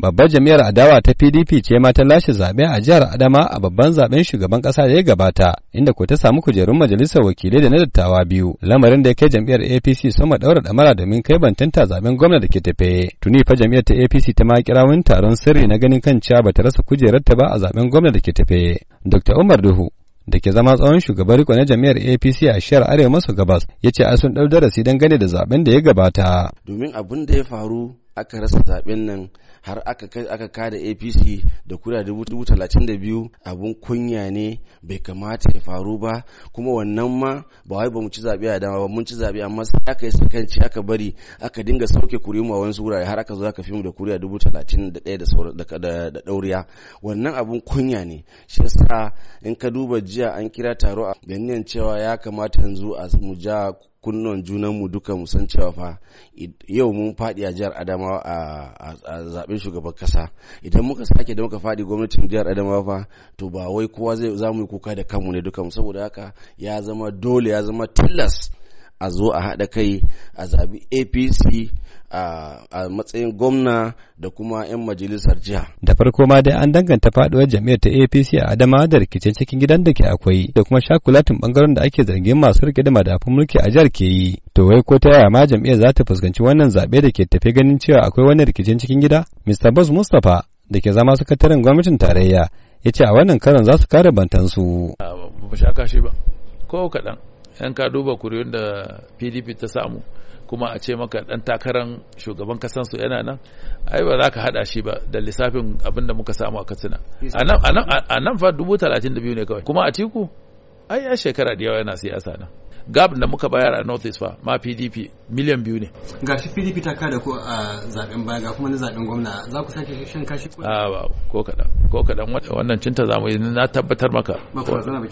babbar jami'ar adawa ta pdp ce ma ta lashe zaɓe a jihar adama a babban zaɓen shugaban ƙasa da ya gabata inda ko ta samu kujerun majalisar wakilai da na dattawa biyu lamarin da ya kai jam'iyyar apc sama ɗaura mara domin kai bantanta zaɓen gwamna da ke tafe tuni fa jam'iyyar ta apc ta ma kira wani taron sirri na ganin kan cewa bata rasa kujerar ta ba a zaɓen gwamna da ke tafe dr umar duhu da ke zama tsawon shugaban riko na jami'ar apc a shiyar arewa maso gabas ya ce a sun ɗau darasi don gane da zaben da ya gabata domin abin da ya faru aka rasa zaben nan har aka kada apc da kura dubu biyu abun kunya ne bai kamata ya faru ba kuma wannan ma ba wai ba mu ci zaɓe a dama ba mun ci zaɓe amma sai aka yi sakanci aka bari aka dinga sauke mu a wani wurare har aka zo aka fi mu da kuri'a dubu talatin da ɗaya da ɗauriya wannan abun kunya ne shi yasa in ka duba jiya an kira taro a ganin cewa ya kamata yanzu a mu ja kunnon junanmu duka mu cewa fa yau mun faɗi a jihar adamawa a zaɓen shugaban kasa idan muka sake da muka faɗi gwamnatin jihar adamawa fa to ba wai kowa zai za mu yi kuka da kanmu ne dukan saboda haka ya zama dole ya zama tilas a zo a haɗa kai a zabi apc a matsayin gwamna da kuma 'yan majalisar jiha da farko ma dai an danganta faɗuwar jami'ar ta apc a adama da rikicin cikin gidan da ke akwai da kuma shakulatin bangaren da ake zargin masu rike da madafun mulki a jihar ke yi to wai ko ta yaya ma jami'ar za ta fuskanci wannan zaɓe da ke tafe ganin cewa akwai wani rikicin cikin gida mr bas mustapha da ke zama sakataren gwamnatin tarayya ya ce a wannan karan za su kare bantansu ba shaka shi ba ko kaɗan yan ka duba kuriyun da pdp ta samu kuma a ce maka dan takaran shugaban kasan su yana nan ai ba za ka hada shi ba da lissafin abin da muka samu a katsina a nan fa dubu talatin da biyu ne kawai kuma a tiku ai ya shekara da yawa yana siyasa nan gab da muka bayar a north east fa ma pdp miliyan biyu ne ga shi pdp ta kada ku a zaben baya ga kuma na zaben gwamna za ku sake shan kashi ko a ah, ba ko kadan ko kadan wannan cinta zamu yi na tabbatar maka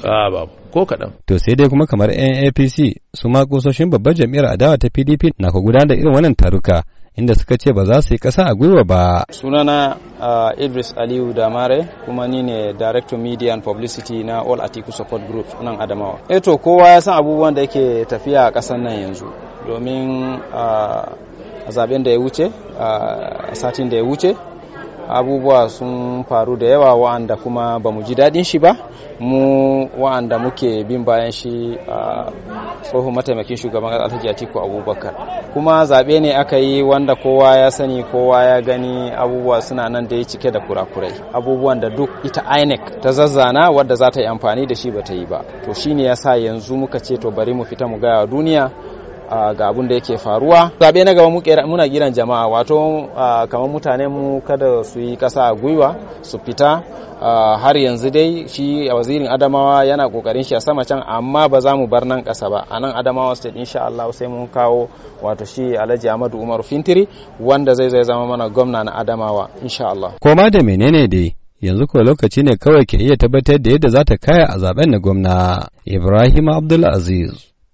a ba ah, ko kadan to sai dai kuma kamar NAPC su ma kusoshin babbar jam'iyyar adawa ta PDP na ku gudanar da irin wannan taruka inda suka ce ba za su yi ƙasa a gwiwa ba. Sunana uh, Idris Aliyu Damare kuma ni ne Director Media and Publicity na All Atiku Support Group nan Adamawa. Eto eh kowa ya san abubuwan da yake tafiya a ƙasar nan yanzu domin uh, zaben da ya wuce, uh, satin da ya wuce, abubuwa sun faru da yawa wa'anda kuma ba mu ji daɗin shi ba mu wa'anda muke bin bayan shi a tsohon mataimakin shugaban alhaji atiku abubakar kuma zaɓe ne aka yi wanda kowa ya sani kowa ya gani abubuwa suna nan da ya cike da kurakurai abubuwan da duk ita inec ta zazzana wadda za ta yi amfani da shi ba ta yi ba to shi shine sa yanzu muka ce to bari mu fita mu gaya duniya ga abun da yake faruwa zaɓe na gaba muna giran jama'a wato kamar mutane mu kada su yi ƙasa a gwiwa su fita har yanzu dai shi wazirin adamawa yana kokarin shi a sama can amma ba za mu bar nan ƙasa ba a nan adamawa state insha Allah sai mun kawo wato shi Alhaji Ahmadu Umaru Fintiri wanda zai zai zama mana gwamna na Adamawa insha Allah koma da menene dai yanzu ko lokaci ne kawai ke iya tabbatar da yadda za ta kaya a zaben na gwamna Ibrahim Abdul